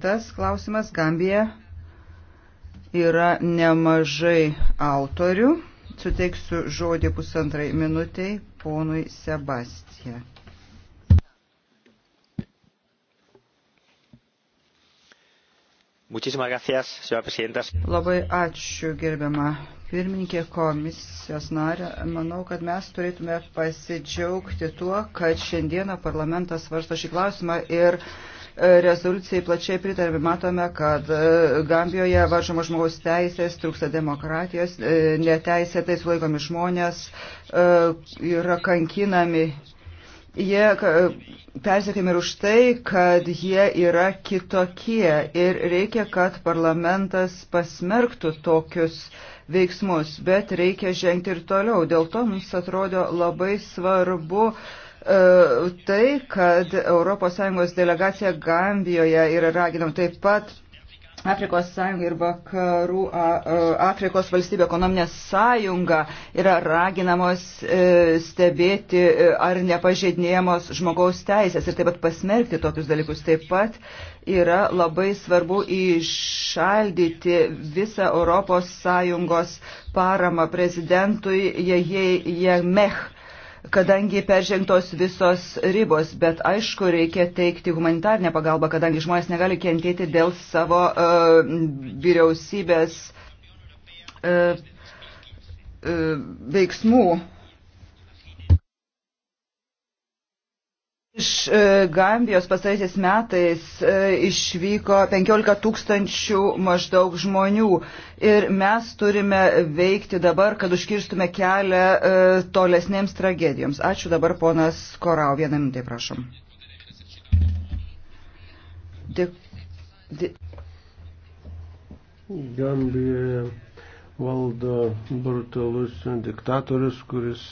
Tas klausimas Gambija yra nemažai autorių. Suteiksiu žodį pusantrai minutiai ponui Sebastija. Labai ačiū gerbiama pirmininkė komisijos narė. Manau, kad mes turėtume pasidžiaugti tuo, kad šiandieną parlamentas svarsto šį klausimą ir uh, rezoliucijai plačiai pritarėme. Matome, kad e, Gambijoje varžoma žmogaus teisės, trūksta demokratijos, e, neteisėtai sulaikomi žmonės, e, yra kankinami. Jie persekėmi ir už tai, kad jie yra kitokie ir reikia, kad parlamentas pasmerktų tokius veiksmus, bet reikia žengti ir toliau. Dėl to mums atrodo labai svarbu uh, E, tai, kad ES delegacija Gambijoje ir raginam taip pat Afrikos sąjunga ir vakarų e, Afrikos valstybė ekonominė sąjunga yra raginamos e, stebėti ar nepažeidinėjamos žmogaus teisės ir taip pat pasmerkti tokius dalykus. Taip pat yra labai svarbu išaldyti visą Europos sąjungos paramą prezidentui Jejei Jemech. Je, kadangi peržengtos visos ribos, bet aišku, reikia teikti humanitarnę pagalbą, kadangi žmonės negali kentėti dėl savo uh, vyriausybės uh, uh, veiksmų. Uh, Iš e, Gambijos pastaraisiais metais e, išvyko 15 tūkstančių maždaug žmonių ir mes turime veikti dabar, kad užkirstume kelią e, tolesnėms tragedijoms. Ačiū dabar ponas Korau, vieną minutę prašom. Dėk... Dė... Gambijoje valdo brutalus diktatorius, kuris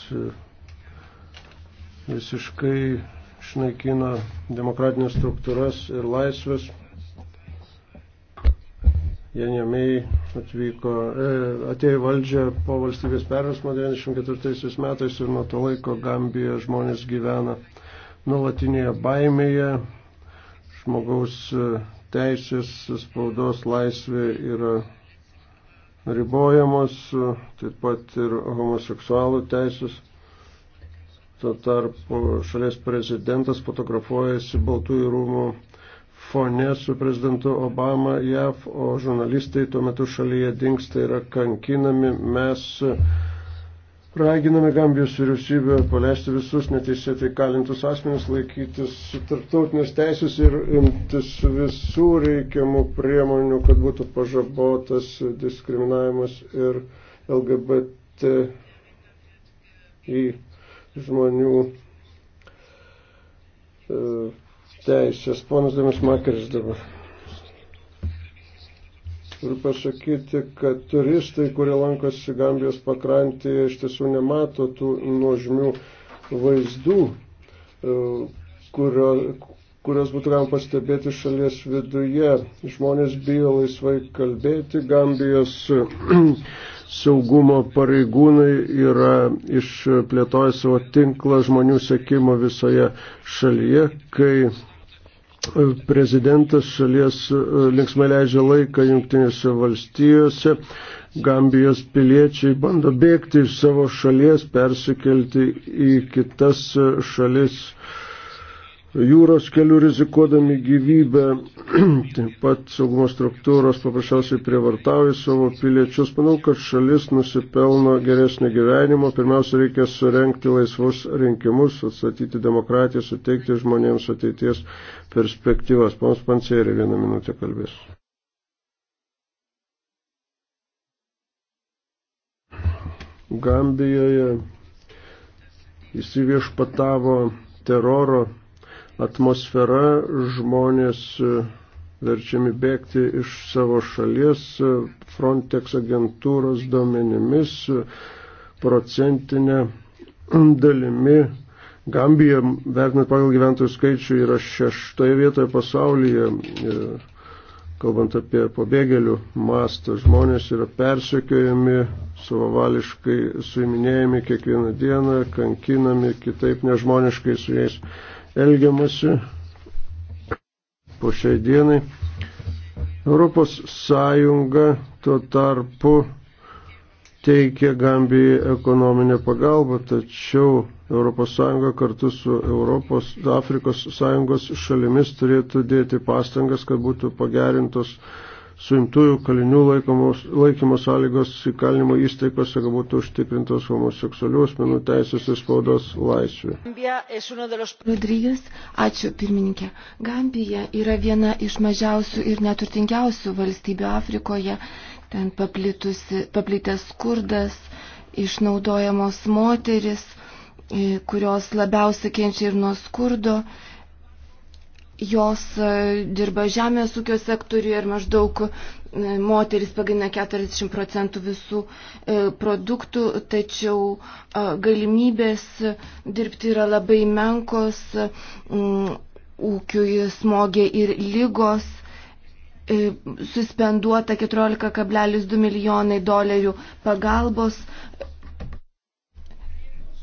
visiškai išnaikina demokratinės struktūras ir laisvės. Janėmiai atvyko, e, atėjo į valdžią po valstybės perversmo 94 metais ir nuo to laiko Gambijoje žmonės gyvena nuolatinėje baimėje, žmogaus e, teisės, spaudos laisvė yra ribojamos, e, taip pat ir homoseksualų teisės. Tuo tarpu šalies prezidentas fotografuojasi Baltųjų rūmų fone su prezidentu Obama JAV, o žurnalistai tuo metu šalyje dinksta yra kankinami. Mes raginame Gambijos vyriausybę paleisti visus neteisėtai kalintus asmenys, laikytis tarptautinės teisės ir imtis visų reikiamų priemonių, kad būtų pažabotas diskriminavimas ir LGBT į žmonių e, teisės. Ponas Dėmes Makeris dabar. Turiu pasakyti, kad turistai, kurie lankosi Gambijos pakrantėje, iš tiesų nemato tų nuožmių vaizdų, e, kurio, kurias būtų galima pastebėti šalies viduje. Žmonės bijo laisvai kalbėti, Gambijos saugumo pareigūnai yra išplėtoję savo tinklą žmonių sekimo visoje šalyje, kai prezidentas šalies e, linksmai leidžia laiką jungtinėse valstijose. Gambijos piliečiai bando bėgti iš savo šalies, persikelti į kitas šalis jūros kelių rizikuodami gyvybę, taip pat saugumo struktūros paprasčiausiai prievartauja savo piliečius. Manau, kad šalis nusipelno geresnio gyvenimo. Pirmiausia, reikia surenkti laisvus rinkimus, atstatyti demokratiją, suteikti žmonėms ateities perspektyvas. Pons Pancierė vieną minutę kalbės. Gambijoje įsiviešpatavo teroro atmosfera, žmonės e, verčiami bėgti iš savo šalies, e, Frontex agentūros duomenimis e, procentinė dalimi. Gambija, vertinant pagal gyventojų skaičių, yra šeštoje vietoje pasaulyje, kalbant apie pabėgėlių mastą. Žmonės yra persekiojami, savavališkai suiminėjami kiekvieną dieną, kankinami, kitaip nežmoniškai su jais elgiamasi po šiai dienai. Europos Sąjunga tuo tarpu teikia Gambijai ekonominę pagalbą, tačiau ES kartu su Europos, Afrikos Sąjungos šalimis turėtų dėti pastangas, kad būtų pagerintos suimtųjų kalinių laikomos, laikymo sąlygos įkalinimo įstaigose būtų užtikrintos homoseksualių asmenų teisės ir spaudos laisvė. Rodrygas, ačiū pirmininkė. Gambija yra viena iš mažiausių ir neturtingiausių valstybių Afrikoje. Ten paplitęs skurdas, išnaudojamos moteris, kurios labiausiai kenčia ir nuo skurdo. Jos e, dirba žemės ūkio sektoriuje ir maždaug e, moteris pagaina 40 procentų visų e, produktų, tačiau galimybės dirbti yra labai menkos, ūkiui smogė ir lygos, suspenduota 14,2 milijonai dolerių pagalbos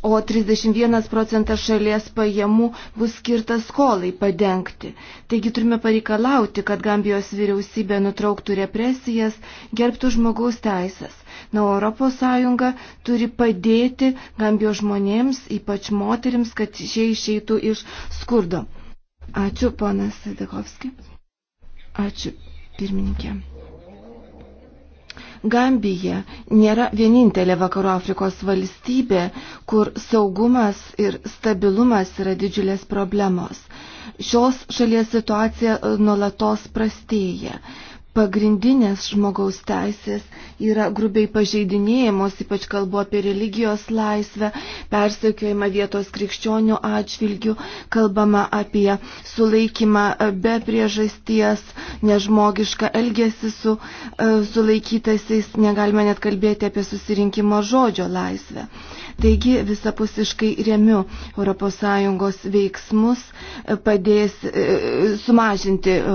o 31 procentas šalies pajamų bus skirtas skolai padengti. Taigi turime pareikalauti, kad Gambijos vyriausybė nutrauktų represijas, gerbtų žmogaus teisės. Na, Europos Sąjunga turi padėti Gambijos žmonėms, ypač moterims, kad šie išeitų iš skurdo. Ačiū, ponas Sedekovski. Ačiū, pirmininkė. Gambija nėra vienintelė Vakarų Afrikos valstybė, kur saugumas ir stabilumas yra didžiulės problemos. Šios šalies situacija e, nuolatos prastėja pagrindinės žmogaus teisės yra grubiai pažeidinėjamos, ypač kalbu apie religijos laisvę, persekiojimą vietos krikščionių atžvilgių, kalbama apie sulaikymą e, be priežasties, nežmogišką elgesį su e, sulaikytaisiais, negalime net kalbėti apie susirinkimo žodžio laisvę. Taigi visapusiškai remiu ES veiksmus, e, padės e, sumažinti e,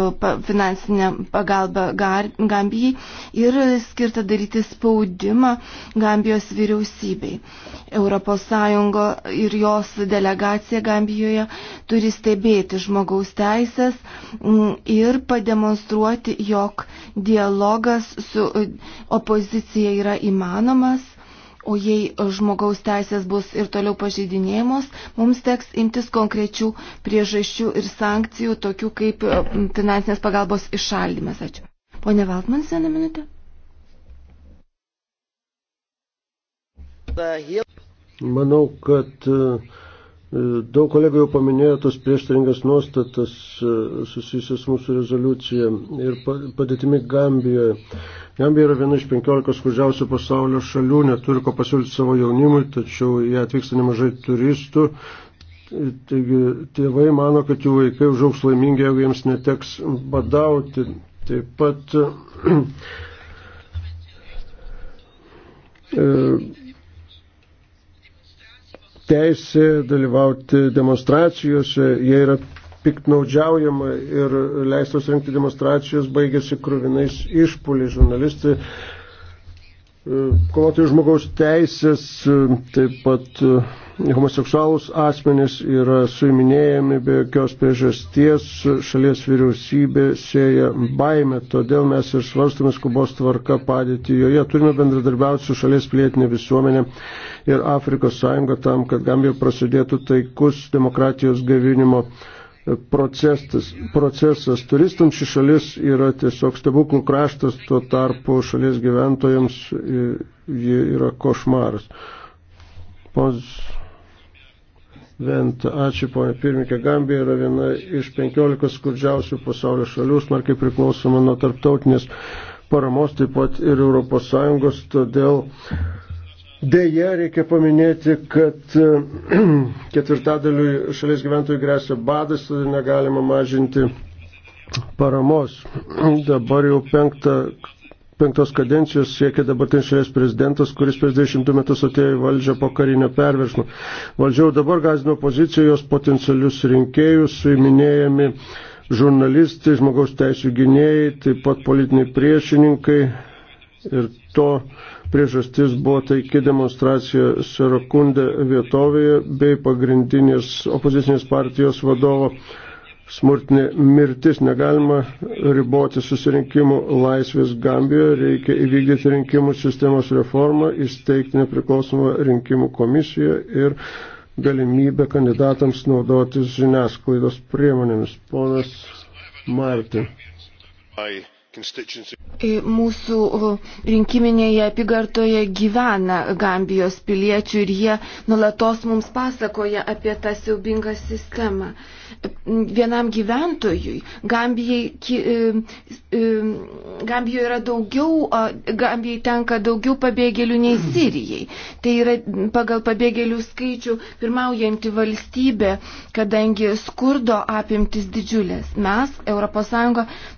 finansinę pagalbą Gambijai ir skirta daryti spaudimą Gambijos vyriausybei. ES ir jos delegacija Gambijoje turi stebėti žmogaus teisės ir pademonstruoti, jog dialogas su opozicija yra įmanomas O jei žmogaus teisės bus ir toliau pažeidinėjamos, mums teks imtis konkrečių priežasčių ir sankcijų, tokių kaip e, finansinės pagalbos išaldymas. Ačiū. Pone Valtmans, vieną minutę. Manau, kad uh, Daug kolegų jau paminėjo tas prieštaringas nuostatas e, susijusias mūsų rezoliucija ir padėtimi Gambijoje. Gambija yra viena iš 15 skurdžiausių pasaulio šalių, neturi ko pasiūlyti savo jaunimui, tačiau jie atvyksta nemažai turistų. Taigi tėvai mano, kad jų vaikai užaugs laimingi, jeigu jiems neteks badauti. Taip pat. e, teisė dalyvauti demonstracijose, jie yra piktnaudžiaujama ir leistos rengti demonstracijos baigėsi krūvinais išpūliais. Žurnalistai E, kovoti žmogaus teisės, e, taip pat e, homoseksualus asmenys yra suiminėjami be jokios priežasties, šalies vyriausybė sėja baimę, todėl mes ir svarstame skubos tvarka padėti joje. Turime bendradarbiauti su šalies pilietinė visuomenė ir Afrikos sąjunga tam, kad Gambija prasidėtų taikus demokratijos gavinimo procesas. procesas. Turistams ši šalis yra tiesiog stebuklų kraštas, tuo tarpu šalies gyventojams e, ji yra košmaras. Pons Vent, ačiū ponė pirmininkė, Gambija yra viena iš penkiolikos skurdžiausių pasaulio šalių, smarkiai priklausoma nuo tarptautinės paramos, taip pat ir ES, todėl Deja, reikia paminėti, kad e, ketvirtadaliui šalies gyventojų grėsia badas, todėl negalima mažinti paramos. Dabar jau penktą, penktos kadencijos siekia dabartinis šalies prezidentas, kuris prieš 22 metus atėjo į valdžią po karinio perversmo. Valdžiau dabar gazino pozicijos potencialius rinkėjus, suiminėjami žurnalistai, žmogaus teisų gynėjai, taip pat politiniai priešininkai Ir to priežastis buvo taiki demonstracija Sirakundė vietovėje bei pagrindinės opozicinės partijos vadovo smurtinė mirtis. Negalima riboti susirinkimų laisvės Gambijoje, reikia įvykdyti rinkimų sistemos reformą, įsteigti nepriklausomą rinkimų komisiją ir galimybę kandidatams naudotis žiniasklaidos priemonėmis. Ponas Martin. Ai. E, mūsų rinkiminėje apygardoje gyvena Gambijos piliečių ir jie nulatos mums pasakoja apie tą siaubingą sistemą vienam gyventojui. Gambijai, e, e, Gambijoje yra daugiau, Gambijai tenka daugiau pabėgėlių nei Sirijai. Tai yra pagal pabėgėlių skaičių pirmaujanti valstybė, kadangi skurdo apimtis didžiulės. Mes, ES,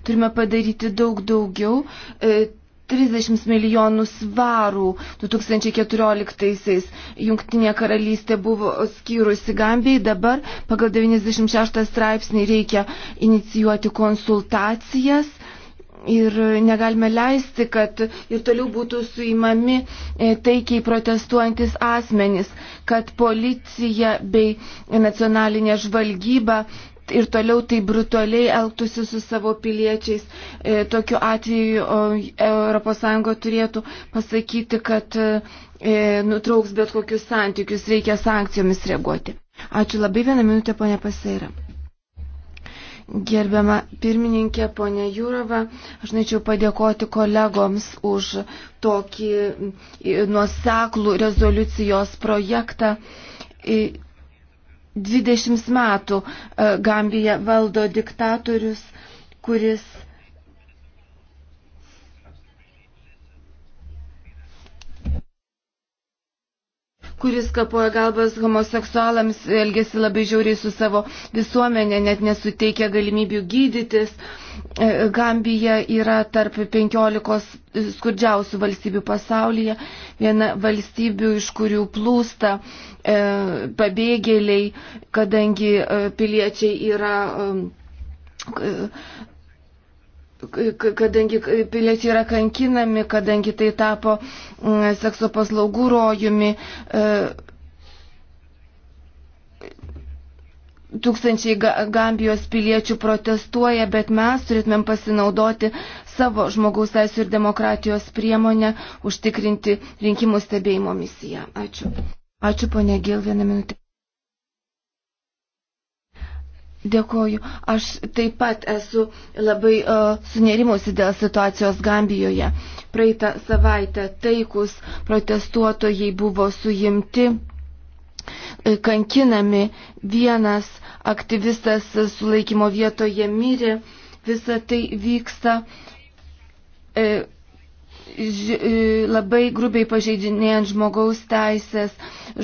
turime padaryti daug daugiau e, 30 milijonų svarų 2014-aisiais Jungtinė karalystė buvo skyrusi Gambijai, dabar pagal 96 straipsnį reikia inicijuoti konsultacijas ir negalime leisti, kad ir toliau būtų suimami e, taikiai protestuojantis asmenys, kad policija bei nacionalinė žvalgyba ir toliau tai brutaliai elgtųsi su savo piliečiais. E, tokiu atveju ES turėtų pasakyti, kad e, nutrauks bet kokius santykius, reikia sankcijomis reaguoti. Ačiū labai, vieną minutę, ponė Paseira. Gerbiama pirmininkė, ponė Jūrova, aš norėčiau padėkoti kolegoms už tokį nuoseklų rezoliucijos projektą. 20 metų e, Gambija valdo diktatorius, kuris kuris kapoja galvas homoseksualams, elgesi labai žiauriai su savo visuomenė, net nesuteikia galimybių gydytis. E, Gambija yra tarp 15 skurdžiausių valstybių pasaulyje, viena valstybių, iš kurių plūsta e, pabėgėliai, kadangi e, piliečiai yra. E, kadangi piliečiai yra kankinami, kadangi tai tapo mm, sekso paslaugų rojumi. E, tūkstančiai Gambijos piliečių protestuoja, bet mes turėtumėm pasinaudoti savo žmogaus teisų ir demokratijos priemonę užtikrinti rinkimų stebėjimo misiją. Ačiū. Ačiū, ponė Gil, vieną minutę. Dėkoju. Aš taip pat esu labai uh, sunerimusi dėl situacijos Gambijoje. Praeitą savaitę taikus protestuotojai buvo suimti, e, kankinami, vienas aktyvistas sulaikymo vietoje mirė, visa tai vyksta. Uh, labai grubiai pažeidinėjant žmogaus teisės,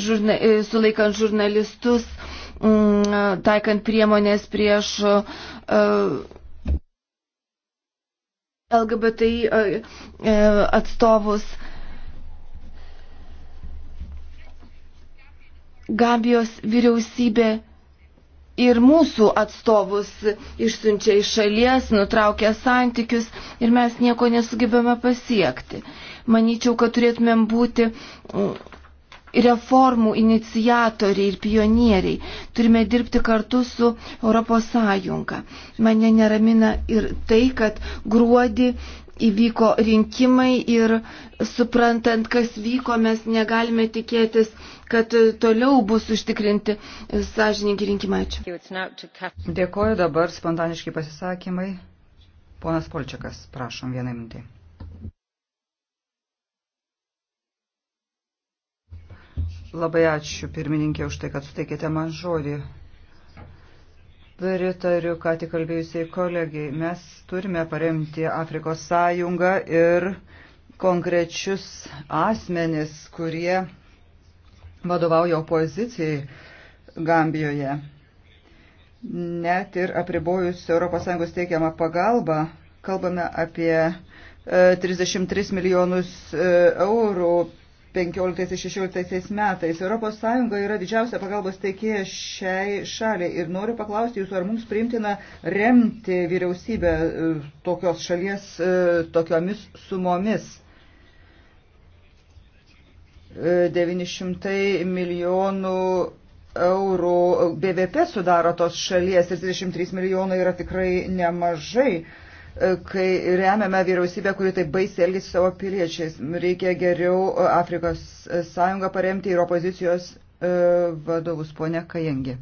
žurna, sulaikant žurnalistus, uh, Mm, taikant priemonės prieš e, LGBTI e, e, atstovus. Gambijos vyriausybė ir mūsų atstovus išsiunčia iš šalies, nutraukia santykius ir mes nieko nesugebame pasiekti. Manyčiau, kad turėtumėm būti mm, reformų inicijatoriai ir pionieriai. Turime dirbti kartu su ES. Mane neramina ir tai, kad gruodį įvyko rinkimai ir suprantant, kas vyko, mes negalime tikėtis, kad toliau bus užtikrinti sąžininkai rinkimai. Ačiū. Dėkoju dabar spontaniški pasisakymai. Ponas Polčiakas, prašom vieną minutę. Labai ačiū pirmininkė už tai, kad suteikėte man žodį. Pritariu, ką tik kalbėjusiai kolegiai, mes turime paremti Afrikos sąjungą ir konkrečius asmenis, kurie vadovauja opozicijai Gambijoje. Net ir apribojus ES teikiamą pagalbą, kalbame apie e, 33 milijonus e, eurų 15-16 metais. ES yra didžiausia pagalbos teikėja šiai šaliai ir noriu paklausti jūsų, ar mums priimtina remti vyriausybę e, tokios šalies e, tokiomis sumomis. 900 e, milijonų eurų BVP sudaro tos šalies ir 33 milijonai yra tikrai nemažai. E, kai remiame vyriausybę, kuri taip baisiai elgesi savo piliečiais. Reikia geriau e, Afrikos e, sąjungą paremti ir opozicijos vadovus, ponia Kajengi.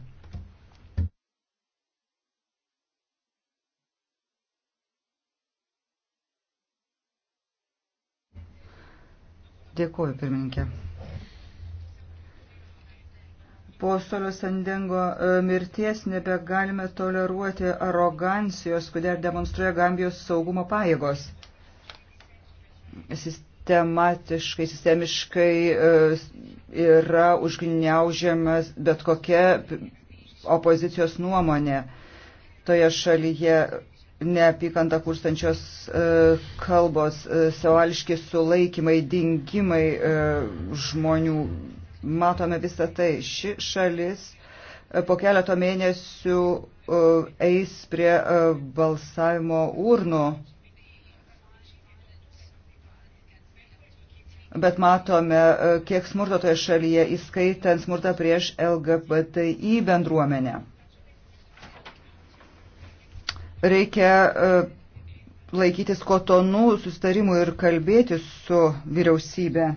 Dėkuoju, pirmininkė. Po Solio Sandengo e, mirties nebegalime toleruoti arogancijos, kurią demonstruoja Gambijos saugumo pajėgos. Sistematiškai, sistemiškai e, yra užgniaužiamas bet kokia opozicijos nuomonė toje šalyje neapykantą kurstančios e, kalbos, savališki sulaikymai, dingimai žmonių matome visą tai. Ši šalis e, po keleto mėnesių e, eis prie e, balsavimo urnų. Bet matome, kiek smurto toje šalyje, įskaitant smurtą prieš LGBTI bendruomenę. Reikia laikytis kotonų sustarimų ir kalbėti su vyriausybė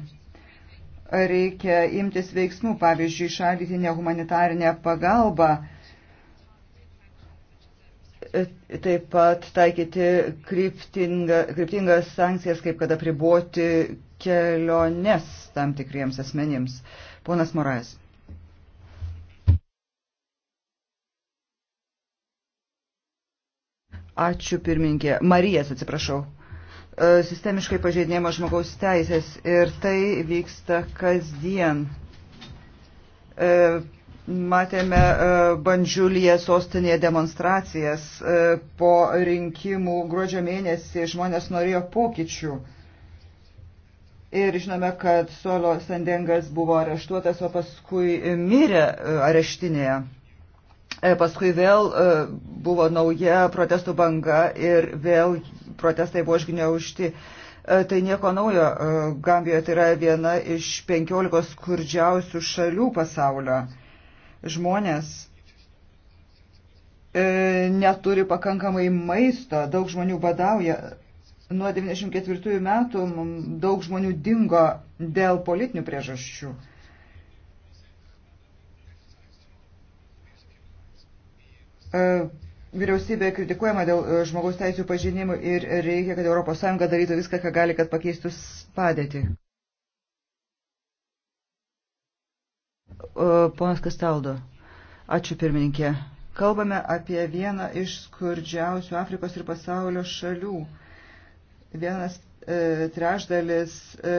reikia imtis veiksmų, pavyzdžiui, šaldyti nehumanitarinę pagalbą, taip pat taikyti kryptinga, kryptingas sankcijas, kaip kada priboti keliones tam tikriems asmenims. Ponas Morais. Ačiū pirmininkė. Marijas, atsiprašau. E, sistemiškai pažeidinėjama žmogaus teisės ir tai vyksta kasdien. E, matėme e, Bandžiulyje sostinėje demonstracijas po rinkimų gruodžio mėnesį žmonės norėjo pokyčių. Ir žinome, kad Solo Sandengas buvo areštuotas, o paskui mirė areštinėje. Paskui vėl buvo nauja protestų banga ir vėl protestai buvo išgniaužti. E, tai nieko naujo. E, Gambijoje tai yra viena iš penkiolikos skurdžiausių šalių pasaulio. Žmonės e, neturi pakankamai maisto, daug žmonių badauja. Nuo 94 metų daug žmonių dingo dėl politinių priežasčių vyriausybė kritikuojama dėl e, žmogaus teisų pažinimų ir reikia, kad ES darytų viską, ką gali, kad pakeistų padėtį. Ponas Kastaldo, ačiū pirmininkė. Kalbame apie vieną iš skurdžiausių Afrikos ir pasaulio šalių. Vienas e, trešdalis e,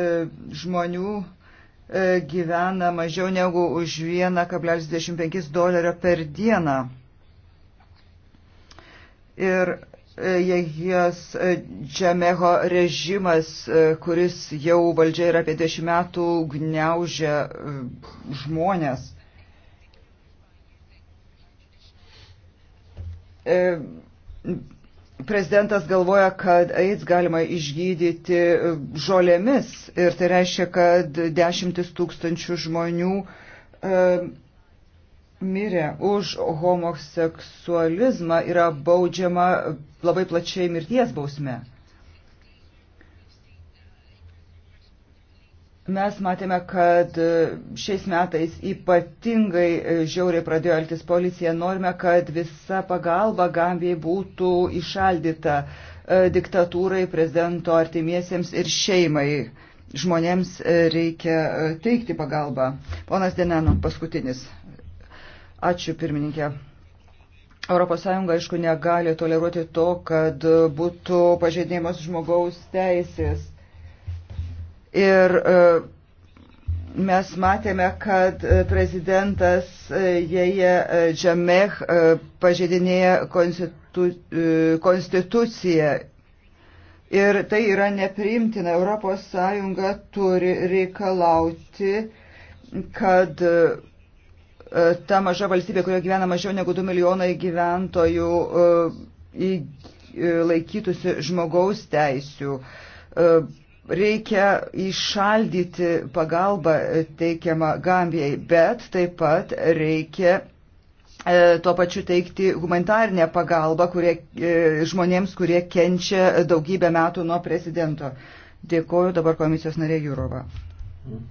žmonių e, gyvena mažiau negu už 1,25 dolerio per dieną ir e, Jehijas e, Džemeho režimas, e, kuris jau valdžia yra apie dešimt metų, gniaužia žmonės. Prezidentas galvoja, kad AIDS galima išgydyti žolėmis ir tai reiškia, kad dešimtis tūkstančių žmonių mirė už homoseksualizmą yra baudžiama labai plačiai mirties bausme. Mes matėme, kad šiais metais ypatingai žiauriai pradėjo elgtis policija. Norime, kad visa pagalba Gambijai būtų išaldyta e, diktatūrai, prezidento artimiesiems ir šeimai. Žmonėms reikia e, teikti pagalbą. Ponas Deneno, paskutinis Ačiū pirmininkė. ES, aišku, negali toleruoti to, kad būtų pažeidėjimas žmogaus teisės. Ir e, mes matėme, kad e, prezidentas e, Jeje Džameh pažeidinėja konstitu, konstituciją. Ir tai yra nepriimtina. ES turi reikalauti, kad ta maža valstybė, kurioje gyvena mažiau negu 2 milijonai gyventojų, e, e, laikytųsi žmogaus teisių. E, reikia išaldyti pagalbą teikiamą Gambijai, bet taip pat reikia tuo pačiu teikti humanitarinę pagalbą kurie, žmonėms, kurie kenčia daugybę metų nuo prezidento. Dėkuoju dabar komisijos narė Jūrova. Mm.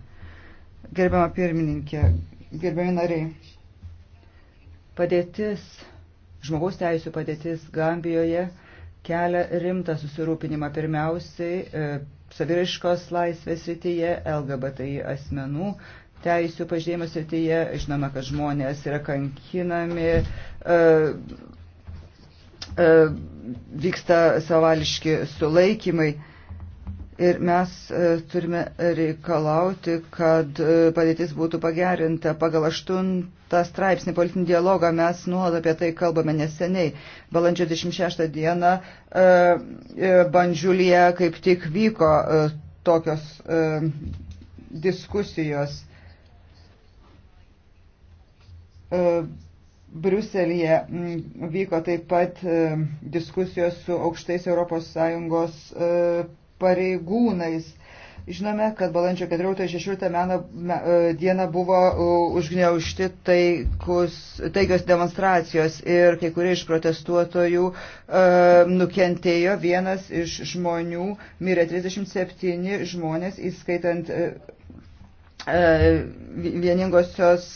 Gerbiama pirmininkė, Gerbiami nariai, padėtis, žmogaus teisų padėtis Gambijoje kelia rimtą susirūpinimą pirmiausiai e, saviraiškos laisvės rytyje, LGBTI asmenų teisų pažymėjimo srityje. Žinoma, kad žmonės yra kankinami, e, e, vyksta savališki sulaikymai. E, Ir mes e, turime reikalauti, kad e, padėtis būtų pagerinta. Pagal aštuntą straipsnį politinį dialogą mes nuolat apie tai kalbame neseniai. Balandžio 26 dieną e, Bandžiulėje kaip tik vyko tokios diskusijos. Briuselėje vyko taip pat diskusijos su aukštais ES pareigūnais. Žinome, kad balandžio 14-16 e, dieną buvo e, užgneušti taikus, taikios demonstracijos ir kai kurie iš protestuotojų e, nukentėjo, vienas iš žmonių mirė 37 žmonės, įskaitant e, e vieningosios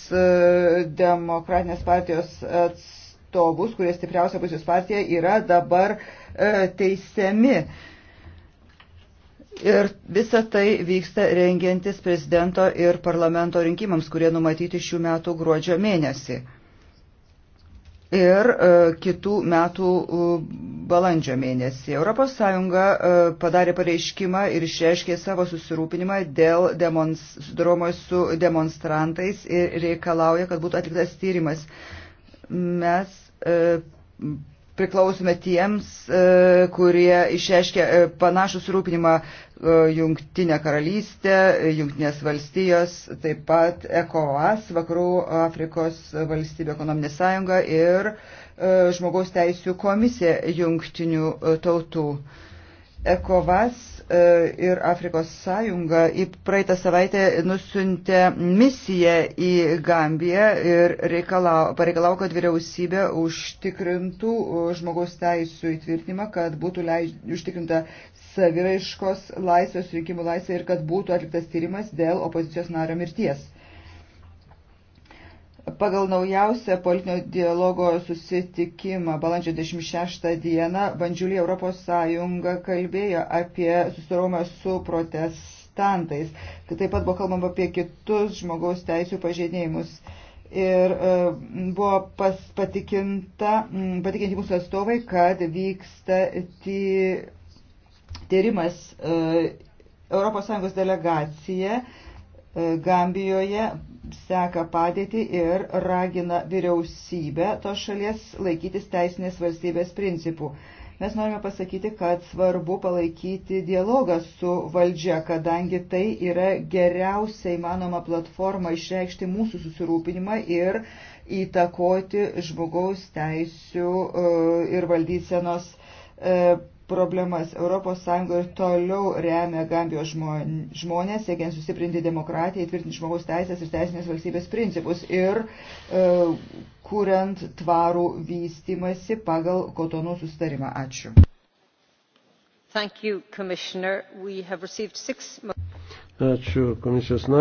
demokratinės partijos atstovus, kurie stipriausia pusės partija yra dabar e, teisiami. E, Ir visa tai vyksta rengiantis prezidento ir parlamento rinkimams, kurie numatyti šių metų gruodžio mėnesį ir e, kitų metų e, balandžio mėnesį. ES e, padarė pareiškimą ir išreiškė savo susirūpinimą dėl demonstromos su demonstrantais ir reikalauja, kad būtų atliktas tyrimas. Mes priklausome tiems, e, kurie išreiškia e, panašų surūpinimą e, Jungtinę karalystę, Jungtinės valstijos, taip pat ECOAS, Vakarų Afrikos valstybė ekonominė sąjunga ir žmogaus teisų komisija jungtinių tautų. ECOVAS E, ir Afrikos sąjunga į praeitą savaitę nusiuntė misiją į Gambiją ir reikalau, pareikalau, kad vyriausybė užtikrintų e, žmogaus teisų įtvirtinimą, kad būtų leidž, užtikrinta saviraiškos laisvės, rinkimų laisvė ir kad būtų atliktas tyrimas dėl opozicijos nario mirties. Pagal naujausią politinio dialogo susitikimą balandžio 26 dieną Bandžiulį Europos Sąjunga kalbėjo apie susiromą su protestantais. Taip pat buvo kalbama apie kitus žmogaus teisų pažeidėjimus. Ir e, buvo pas, patikinta, patikinti mūsų atstovai, kad vyksta ty, tyrimas e, Europos Sąjungos delegacija e, Gambijoje seka padėtį ir ragina vyriausybę tos šalies laikytis teisinės valstybės principų. Mes norime pasakyti, kad svarbu palaikyti dialogą su valdžia, kadangi tai yra geriausia įmanoma platforma išreikšti mūsų susirūpinimą ir įtakoti žmogaus teisių e, ir valdysenos e, problemas. ES ir toliau remia Gambijos žmonės, siekiant sustiprinti demokratiją, įtvirtinti žmogaus teisės ir teisinės valstybės principus ir e, kuriant tvarų vystimasi pagal kotonų sustarimą. Ačiū. Thank you, Commissioner. We have received six... Ačiū, komisijos narė.